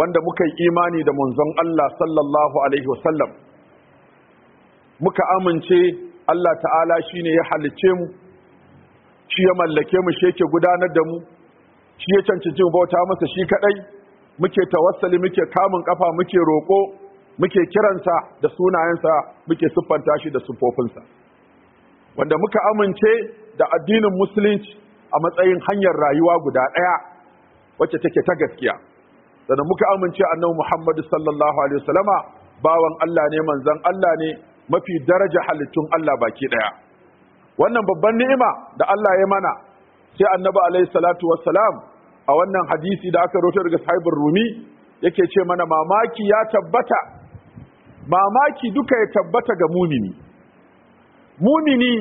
wanda muka yi imani da munzon Allah sallallahu alaihi wasallam muka amince Allah ta'ala shi ne ya halicce mu shi ya mallake mu shi yake gudanar da mu shi ya cancanci bauta masa shi kadai muke tawassali muke kamun kafa muke roƙo, muke kiransa da sunayensa muke siffanta shi da siffofinsa wanda muka amince da addinin musulunci a matsayin hanyar rayuwa guda ɗaya wacce take ta gaskiya sannan muka amince annabi Muhammad sallallahu alaihi wasallama bawan Allah ne manzon Allah ne mafi daraja halittun Allah baki daya wannan babban ni'ima da Allah ya mana sai annabi alaihi salatu wassalam a wannan hadisi da aka rawaito daga sahibin Rumi yake ce mana mamaki ya tabbata mamaki duka ya tabbata ga mumini mumini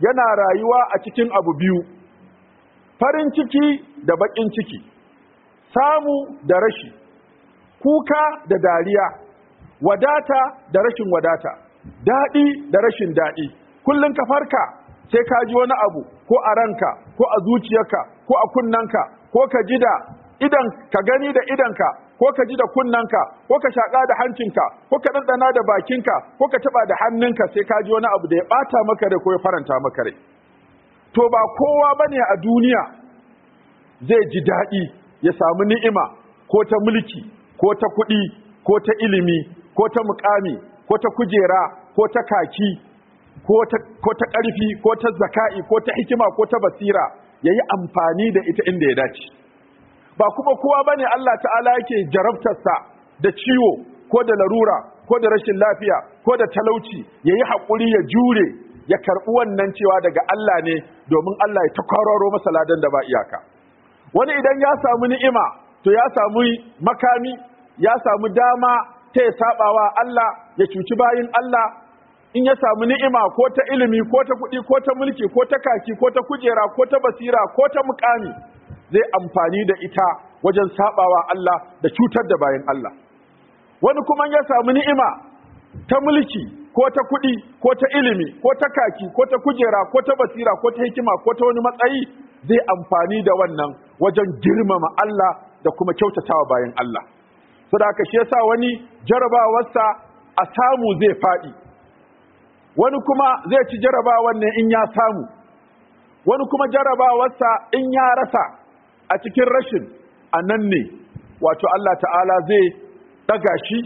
yana rayuwa a cikin abu biyu farin ciki da bakin ciki samu da rashi kuka da dariya wadata da rashin wadata daɗi da rashin daɗi kullum ka farka sai ka ji wani abu ko a ranka ko a zuciyarka ko a kunnanka ko ka ji da idan ka gani da idanka ko ka ji da kunnanka ko ka shaƙa da hancinka ko ka ɗanɗana da bakinka ko ka taɓa da hannunka sai ka ji wani abu da ya ɓata maka rai ko ya faranta maka rai to ba kowa bane a duniya zai ji daɗi ya samu ni'ima ko ta mulki ko ta kuɗi ko ta ilimi ko ta mukami ko ta kujera ko ta kaki ko ta ƙarfi ko ta zaka'i ko ta hikima ko ta basira ya yi amfani da ita inda ya dace ba kuma kowa ba ne Allah ta'ala yake jarabtarsa da ciwo ko da larura ko da rashin lafiya ko da talauci ya yi haƙuri ya jure ya karɓi wannan cewa daga Allah ne domin Allah ya ta kwararo masa ladan da ba iyaka wani idan ya samu ni'ima to ya samu makami ya samu dama ta ya sabawa Allah ya cuci bayin Allah in ya samu ni'ima ko ta ilimi ko ta kuɗi ko ta mulki ko ta kaki ko ta kujera ko ta basira ko ta mukami zai amfani da ita wajen sabawa Allah da cutar da bayin Allah wani kuma ya samu ni'ima ta mulki ko ta kuɗi ko ta ilimi ko ta kaki ko ta kujera ko ta basira ko ta hikima ko ta wani matsayi zai amfani da wannan wajen girmama Allah da kuma kyautatawa bayan Allah saboda shi yasa wani jarabawarsa a samu zai faɗi, wani kuma zai ci jarabawar ne in ya samu wani kuma jarabawarsa in ya rasa a cikin rashin a nan ne wato Allah ta'ala zai daga shi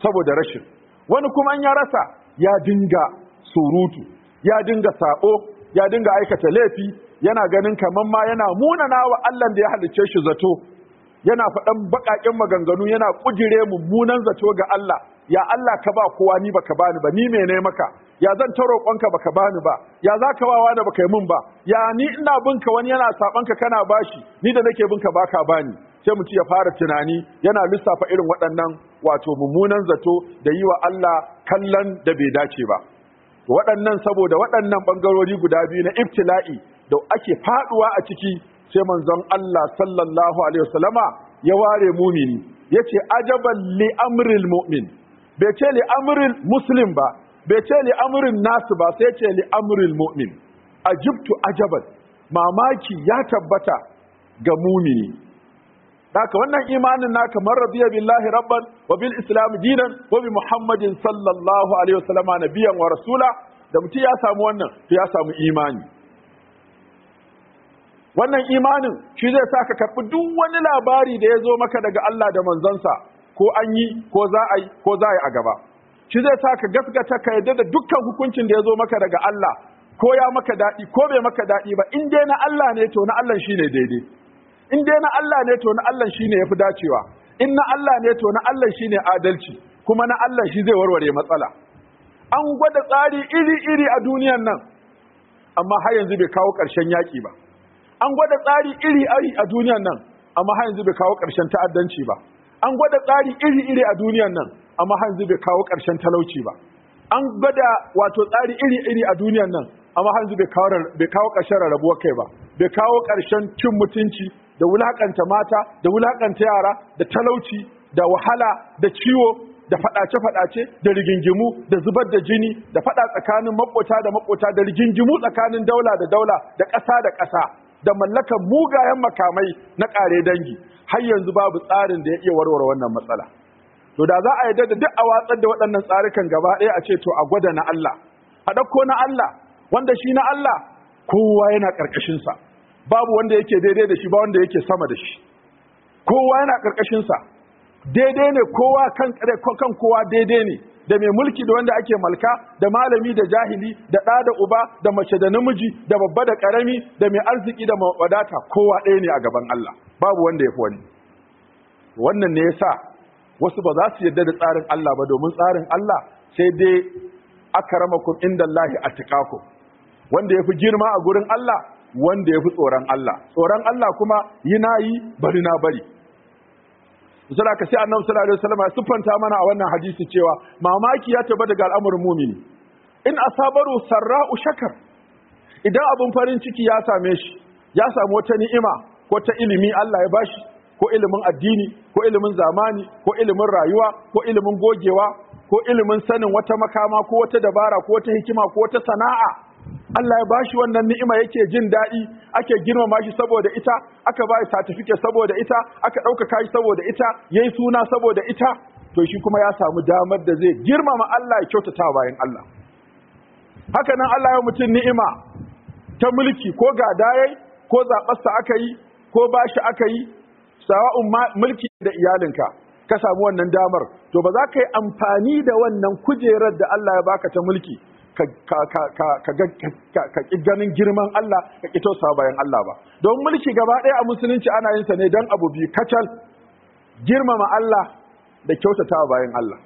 saboda rashin wani kuma in ya rasa ya dinga surutu ya dinga saƙo, ya dinga aikata laifi yana ganin kamar ma yana munana wa Allah da ya halicce shi zato yana faɗan baƙaƙen maganganu yana mu mummunan zato ga Allah ya Allah ka ba kowa ni baka bani ba ni mene maka ya zan ta roƙonka baka bani ba ya za ka wawa da baka yi mun ba ya ni ina binka wani yana saɓanka kana bashi ni da nake binka baka bani sai mu ci ya fara tunani yana lissafa irin waɗannan wato mummunan zato da yi wa Allah kallon da bai dace ba waɗannan saboda waɗannan ɓangarori guda biyu na ibtila'i da ake faduwa a ciki sai manzon Allah sallallahu alaihi wasallama ya ware mumini yace ajaban li amril mu'min bai ce li amril muslim ba bai ce li amrin nasu ba sai ce li amril mu'min ajibtu ajaban mamaki ya tabbata ga mumini haka wannan imanin na kamar radiya billahi rabban wa bil islam dinan wa bi muhammadin sallallahu alaihi wasallama nabiyan wa rasula da mutum ya samu wannan to ya samu imani wannan imanin shi zai sa ka karɓi duk wani labari da ya zo maka daga Allah da manzansa ko an yi ko za a yi ko za a yi a gaba shi zai sa ka gaskata ka yadda da dukkan hukuncin da ya zo maka daga Allah ko ya maka daɗi ko bai maka daɗi ba in dai na Allah ne to na Allah shi ne daidai in dai na Allah ne to na Allah shi ya yafi dacewa in na Allah ne to na Allah shi ne adalci kuma na Allah shi zai warware matsala an gwada tsari iri-iri a duniyan nan amma har yanzu bai kawo ƙarshen yaƙi ba an gwada tsari iri-iri a duniyan nan amma har yanzu bai kawo ƙarshen ta'addanci ba an gwada tsari iri-iri a duniyan nan amma har yanzu bai kawo ƙarshen talauci ba an gwada wato tsari iri-iri a duniyan nan amma har yanzu bai kawo ƙarshen rarrabuwar kai ba bai kawo ƙarshen cin mutunci da wulakanta mata da wulakanta yara da talauci da wahala da ciwo da fadace-fadace da rigingimu da zubar da jini da fada tsakanin makota da makota da rigingimu tsakanin daula da daula da ƙasa da ƙasa da mallakar mugayen makamai na ƙare dangi har yanzu babu tsarin da ya iya warware wannan matsala to da za a yarda da duk a watsar da waɗannan tsarikan gaba ɗaya a ce to a gwada na Allah a ɗauko na Allah wanda shi na Allah kowa yana ƙarƙashinsa babu wanda yake daidai da shi ba wanda yake sama da shi kowa yana ƙarƙashinsa daidai ne kowa kan kan kowa daidai ne da mai mulki da wanda ake malka da malami da jahili da ɗa da uba da mace da namiji da babba da ƙarami da mai arziki da mawadata kowa ɗaya ne a gaban Allah babu wanda ya fi wani wannan ne yasa wasu ba za su yarda da tsarin Allah ba domin tsarin Allah sai dai akramakum indallahi atqakum wanda yafi girma a gurin Allah wanda ya fi tsoron Allah tsoron Allah kuma yi nayi bari na bari misali ka sai annabi sallallahu alaihi wasallam ya siffanta mana a wannan hadisi cewa mamaki ya tabbata ga al'amarin mumini in asabaru sarra'u shakar idan abun farin ciki ya same shi ya samu wata ni'ima ko ta ilimi Allah ya bashi ko ilimin addini ko ilimin zamani ko ilimin rayuwa ko ilimin gogewa ko ilimin sanin wata makama ko wata dabara ko wata hikima ko wata sana'a Allah ya bashi wannan ni'ima yake jin daɗi ake girmama shi saboda ita aka ba satifike saboda ita aka ɗaukaka shi saboda ita yayi suna saboda ita to shi kuma ya samu damar da zai girmama Allah ya kyautata bayan Allah haka nan Allah ya mutum ni'ima ta mulki ko ga dayai ko zaɓarsa aka yi ko bashi aka yi sawa'un mulki da iyalinka ka samu wannan damar to ba za ka yi amfani da wannan kujerar da Allah ya baka ta mulki ka ƙi ganin girman Allah ka ƙi tausa bayan Allah ba don mulki gaba ɗaya a musulunci ana yin sa ne don abu biyu kacal girmama Allah da kyautata bayan Allah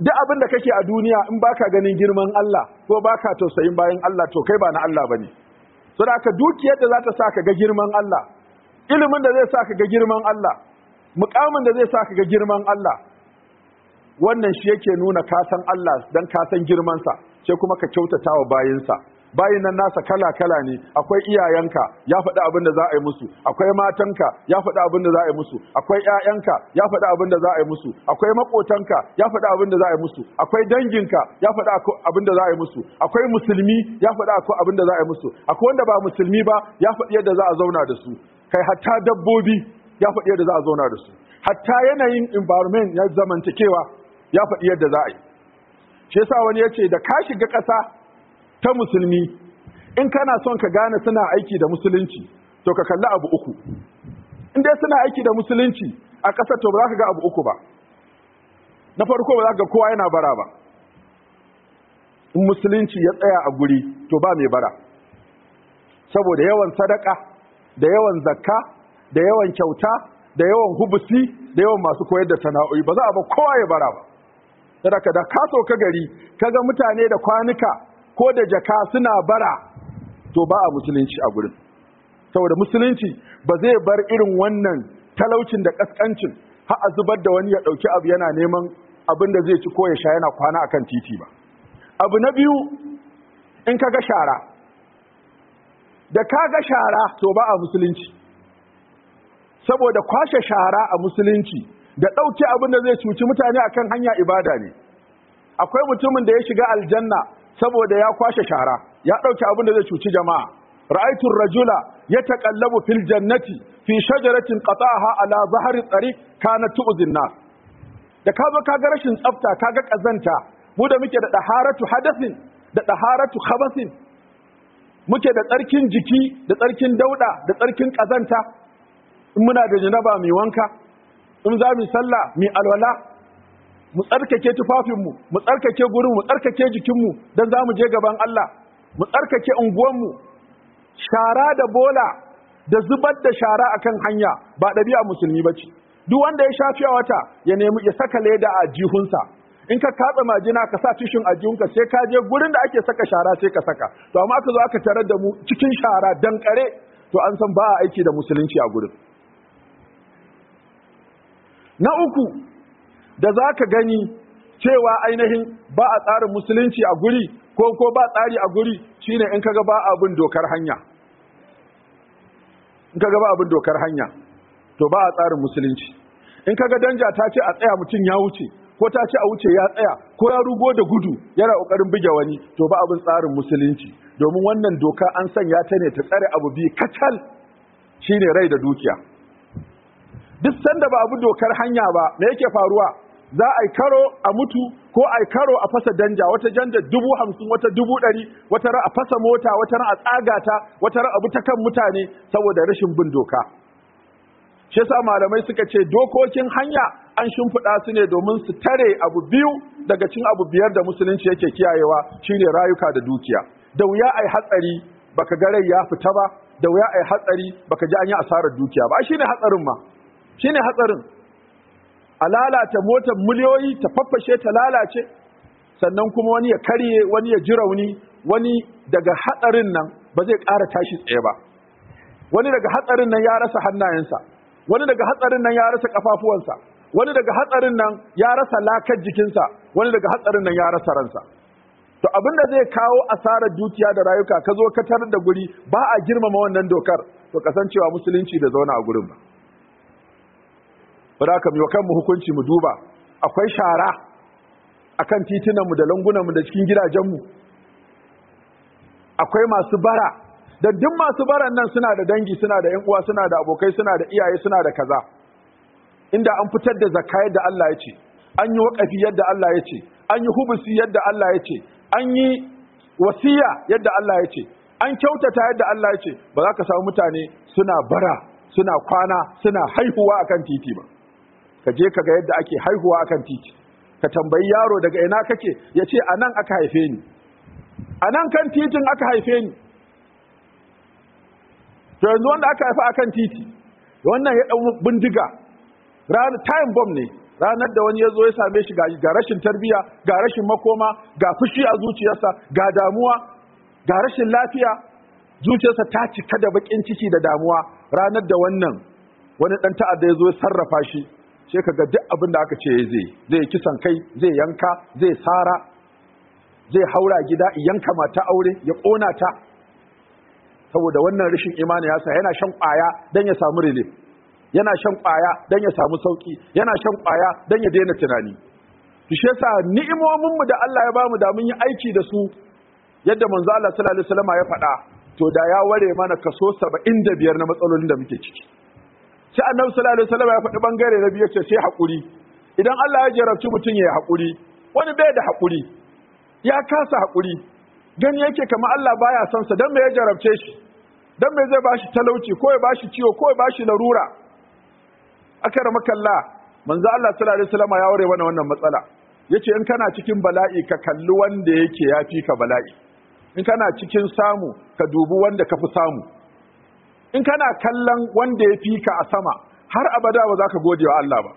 duk abin da kake a duniya in baka ganin girman Allah ko baka tausayin bayan Allah to kai ba na Allah ba ne. da ka dukiyar da za ta sa ka ga girman Allah ilimin da zai sa ka ga girman Allah mukamin da zai sa ka ga girman Allah wannan shi yake nuna kasan Allah dan kasan girmansa sai kuma ka kyautata wa bayinsa bayin nan nasa kala kala ne akwai iyayenka ya faɗi abin da za a yi musu akwai matanka ya faɗi abin da za a yi musu akwai ƴaƴanka ya faɗi abin da za a yi musu akwai makotanka ya faɗi abin da za a yi musu akwai danginka ya faɗi abin da za a yi musu akwai musulmi ya faɗi abin da za a yi musu akwai wanda ba musulmi ba ya faɗi yadda za a zauna da su kai hatta dabbobi ya faɗi yadda za a zauna da su hatta yanayin environment ya zamantakewa ya faɗi yadda za a yi shi yasa wani ya ce da ka shiga ƙasa ta musulmi in kana son ka gane suna aiki da musulunci to ka kalli abu uku in dai suna aiki da musulunci a ƙasa to ba za ka ga abu uku ba na farko ba za ka ga kowa yana bara ba in musulunci ya tsaya a guri to ba mai bara saboda yawan sadaka da yawan zakka da yawan kyauta da yawan hubusi da yawan masu koyar da sana'o'i ba za a ba kowa ya bara ba sadaka da ka ka gari kaga mutane da kwanuka ko da jaka suna bara to ba a musulunci a gurin saboda musulunci ba zai bar irin wannan talaucin da kaskancin har a zubar da wani ya dauki abu yana neman abin da zai ci ko ya sha yana kwana akan titi ba abu na biyu in kaga shara da kaga shara to ba a musulunci saboda kwashe shara a musulunci da ɗauke abin da zai cuci mutane akan hanya ibada ne akwai mutumin da ya shiga aljanna saboda ya kwashe shara ya ɗauke abin da zai cuci jama'a ra'aitun rajula ya taƙallabu fil jannati fi shajaratin qata'aha ala zahari tsari kana tu'zin nas da ka zo kaga rashin tsafta kaga ƙazanta, mu da muke da ɗaharatu hadasin da ɗaharatu khabasin muke da tsarkin jiki da tsarkin dauda da tsarkin ƙazanta, in muna da janaba mai wanka in za mu sallah mu alwala mu tsarkake tufafinmu mu tsarkake gurin mu tsarkake jikinmu don za mu je gaban Allah mu tsarkake unguwanmu shara da bola da zubar da shara akan hanya ba ɗabi'a musulmi ba ce duk wanda ya shafi a wata ya nemi ya saka leda a jihunsa in ka katsa majina ka sa tishin a jihunka sai ka je gurin da ake saka shara sai ka saka to amma aka zo aka tarar da mu cikin shara dan dankare to an san ba a aiki da musulunci a gurin na uku da za ka gani cewa ainihin ba a tsarin musulunci a guri ko ko ba tsari a guri shine in kaga ba abin dokar hanya in kaga ba abin dokar hanya to ba a tsarin musulunci in kaga danja ta ce a tsaya mutum ya wuce ko ta ce a wuce ya tsaya ko ya rugo da gudu yana ƙoƙarin buge wani to ba abin tsarin musulunci domin wannan doka an sanya ta ne ta tsare abu biyu kacal shine rai da dukiya duk sanda ba abu dokar hanya ba me yake faruwa za a yi karo a mutu ko a yi karo a fasa danja wata janja dubu hamsin wata dubu ɗari wata ra a fasa mota wata ra a tsagata wata ra abu ta kan mutane saboda rashin bin doka shi yasa malamai suka ce dokokin hanya an shimfiɗa su ne domin su tare abu biyu daga cin abu biyar da musulunci yake kiyayewa shine rayuka da dukiya da wuya a yi hatsari baka ga rai ya fita ba da wuya a yi hatsari baka ji an yi asarar dukiya ba shine hatsarin ma ne hatsarin a lalata motar miliyoyi ta faffashe ta lalace sannan kuma wani ya karye wani ya ji rauni wani daga hatsarin nan ba zai ƙara tashi tsaye ba wani daga hatsarin nan ya rasa hannayensa wani daga hatsarin nan ya rasa kafafuwansa wani daga hatsarin nan ya rasa lakar jikinsa wani daga hatsarin nan ya rasa ransa to abin da zai kawo asarar dukiya da rayuka ka zo ka tarar da guri ba a girmama wannan dokar to kasancewa musulunci da zauna a gurin ba bari aka miwa kanmu hukunci mu duba akwai shara akan titunanmu da mu da cikin gidajenmu akwai masu bara da duk masu baran nan suna da dangi suna da yan uwa suna da abokai suna da iyaye suna da kaza inda an fitar da zakka yadda Allah ya ce an yi waƙafi yadda Allah ya ce an yi hubusi yadda Allah ya ce an yi wasiya yadda Allah ya ce an kyautata yadda Allah ya ce ba za ka samu mutane suna bara suna kwana suna haihuwa a kan titi ba ka je ka ga yadda ake haihuwa akan titi ka tambayi yaro daga ina kake ya ce a nan aka haife ni a nan kan titin aka haife ni to yanzu wanda aka haifa akan titi wannan ya ɗau bindiga ranar time bomb ne ranar da wani ya zo ya same shi ga rashin tarbiya ga rashin makoma ga fushi a zuciyarsa ga damuwa ga rashin lafiya zuciyarsa ta cika da bakin ciki da damuwa ranar da wannan wani ɗan ta'adda ya zo ya sarrafa shi sai ga duk abin da aka ce zai zai kisan kai zai yanka zai sara zai haura gida yanka mata aure ya kona ta saboda wannan rashin imani ya sa yana shan kwaya don ya samu rile yana shan kwaya don ya samu sauki yana shan kwaya don ya daina tunani shi yasa ni'imomin da Allah ya bamu da mun yi aiki da su yadda manzo Allah sallallahu alaihi wasallam ya faɗa to da ya ware mana kaso 75 na matsalolin da muke ciki sai annabi sallallahu alaihi wasallam ya faɗi bangare na biyu ce sai hakuri idan Allah ya jarabci mutum ya hakuri wani bai da hakuri ya kasa hakuri gani yake kama Allah baya son sa dan me ya jarabce shi dan me zai bashi talauci ko ya bashi ciwo ko ya bashi larura Aka akramakalla manzo Allah sallallahu alaihi wasallam ya ware mana wannan matsala yace in kana cikin bala'i ka kalli wanda yake yafi ka bala'i in kana cikin samu ka dubi wanda ka fi samu in kana kallon wanda ya fi ka a sama har abada ba za ka gode wa Allah ba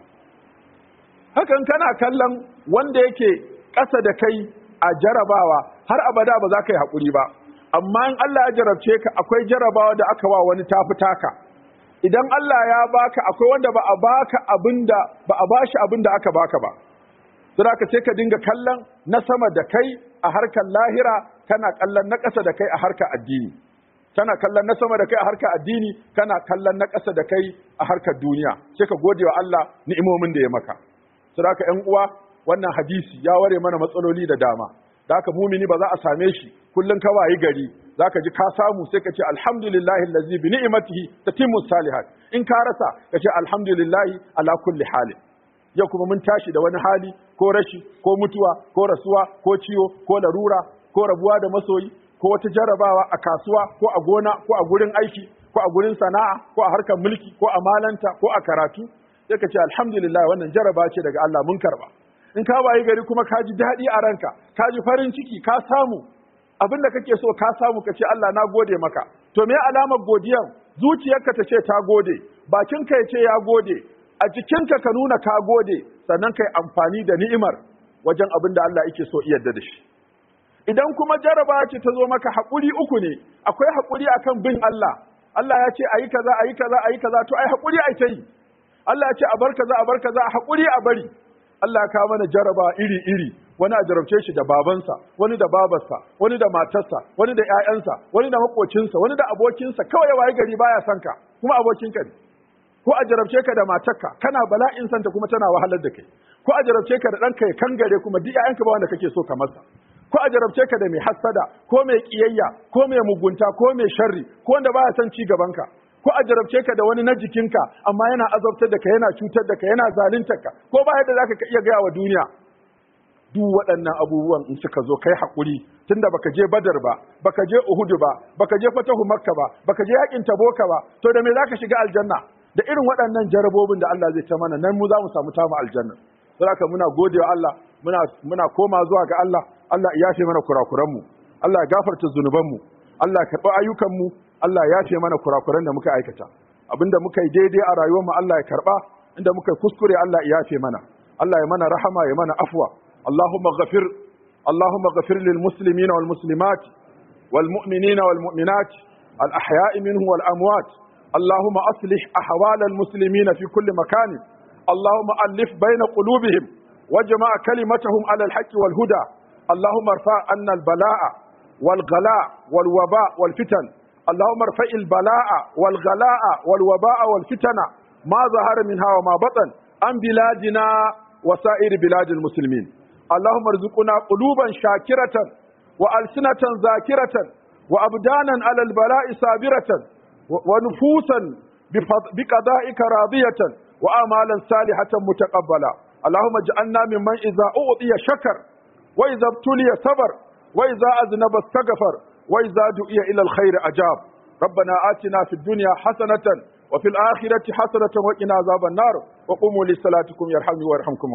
haka kana kallon wanda yake ƙasa da kai a jarabawa har abada ba za ka yi haƙuri ba amma in Allah ya jarabce ka akwai jarabawa da aka wa wani tafi taka idan Allah ya baka akwai wanda ba a baka abinda ba a bashi da aka baka ba sai ka ce ka dinga kallon na sama da kai a harkar lahira kana kallon na ƙasa da kai a harkar addini kana kallon na sama da kai a harkar addini kana kallon na ƙasa da kai a harkar duniya sai ka gode wa Allah ni'imomin da ya maka Sai saboda ƴan uwa wannan hadisi ya ware mana matsaloli da dama da haka mumini ba za a same shi kullun ka wayi gari zaka ji ka samu sai ka ce alhamdulillahi allazi bi ni'matihi tatimmu salihat in ka rasa ka ce alhamdulillahi ala kulli halin yau kuma mun tashi da wani hali ko rashi ko mutuwa ko rasuwa ko ciwo ko larura ko rabuwa da masoyi ko wata jarabawa a kasuwa ko a gona ko a gurin aiki ko a gurin sana'a ko a harkar mulki ko a malanta ko a karatu sai ka ce alhamdulillah wannan jaraba ce daga Allah mun karba in ka wayi gari kuma ka ji daɗi a ranka ka ji farin ciki ka samu abinda da kake so ka samu ka ce Allah na gode maka to me alamar godiyan zuciyarka ta ce ta gode bakinka ya ce ya gode a jikinka ka nuna ka gode sannan kai amfani da ni'imar wajen abin da Allah yake so iya da shi idan kuma jaraba ce ta zo maka haƙuri uku ne akwai haƙuri akan bin Allah Allah ya ce ayi kaza ayi kaza ayi kaza to ai haƙuri ai ta Allah ya ce a bar kaza a bar kaza a haƙuri a bari Allah ka mana jaraba iri iri wani a jarabce shi da babansa wani da babarsa wani da matarsa wani da ƴaƴansa wani da makocinsa wani da abokinsa kawai waye gari baya son ka kuma abokinka ne ko a jarabce ka da matarka kana bala'in santa kuma tana wahalar da kai ko a jarabce ka da ɗanka ya kangare kuma duk ƴaƴanka ba wanda kake so ka masa ko a jarabce ka da mai hassada ko mai kiyayya ko mai mugunta ko mai sharri ko wanda baya son ci gaban ka ko a jarabce ka da wani na jikinka amma yana azabtar da ka yana cutar da ka yana zaluntar ka ko ba yadda zaka ka iya gaya wa duniya duk waɗannan abubuwan in suka zo kai hakuri, tunda baka je badar ba baka je uhudu ba baka je fatahu makka ba baka je yakin taboka ba to da me zaka shiga aljanna da irin waɗannan jarabobin da Allah zai ta mana nan mu za mu samu tamu aljanna saboda muna wa Allah muna muna koma zuwa ga Allah Allah ya yafe mana kurakuranmu Allah ya gafarta zunubanmu Allah ya karɓi ayyukanmu Allah ya yafe mana kurakuran da muka aikata abinda muka yi daidai a rayuwarmu Allah ya karɓa inda muka kuskure Allah ya yafe mana Allah ya mana rahama ya mana afuwa Allahumma ghafir Allahumma ghafir lil muslimina wal muslimat wal mu'minina wal mu'minat al ahya'i minhum wal amwat اللهم أصلح أحوال المسلمين في كل مكان اللهم ألف بين قلوبهم وجمع كلمتهم على الحق والهدى اللهم ارفع عنا البلاء والغلاء والوباء والفتن اللهم ارفع البلاء والغلاء والوباء والفتن ما ظهر منها وما بطن عن بلادنا وسائر بلاد المسلمين اللهم ارزقنا قلوبا شاكرة وألسنة ذاكرة وأبدانا على البلاء صابرة ونفوسا بقضائك راضية وآمالا صالحة متقبلة اللهم اجعلنا ممن إذا أعطي شكر وإذا ابتلي صبر وإذا أذنب استغفر وإذا دعي إلى الخير أجاب ربنا آتنا في الدنيا حسنة وفي الآخرة حسنة وقنا عذاب النار وقوموا لصلاتكم يرحمني ويرحمكم